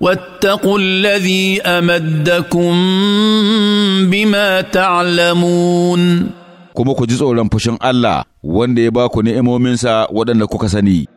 واتقوا الذي امدكم بما تعلمون kuma ku ji tsoron fushin Allah wanda ya ba ku ni'imominsa waɗanda kuka sani.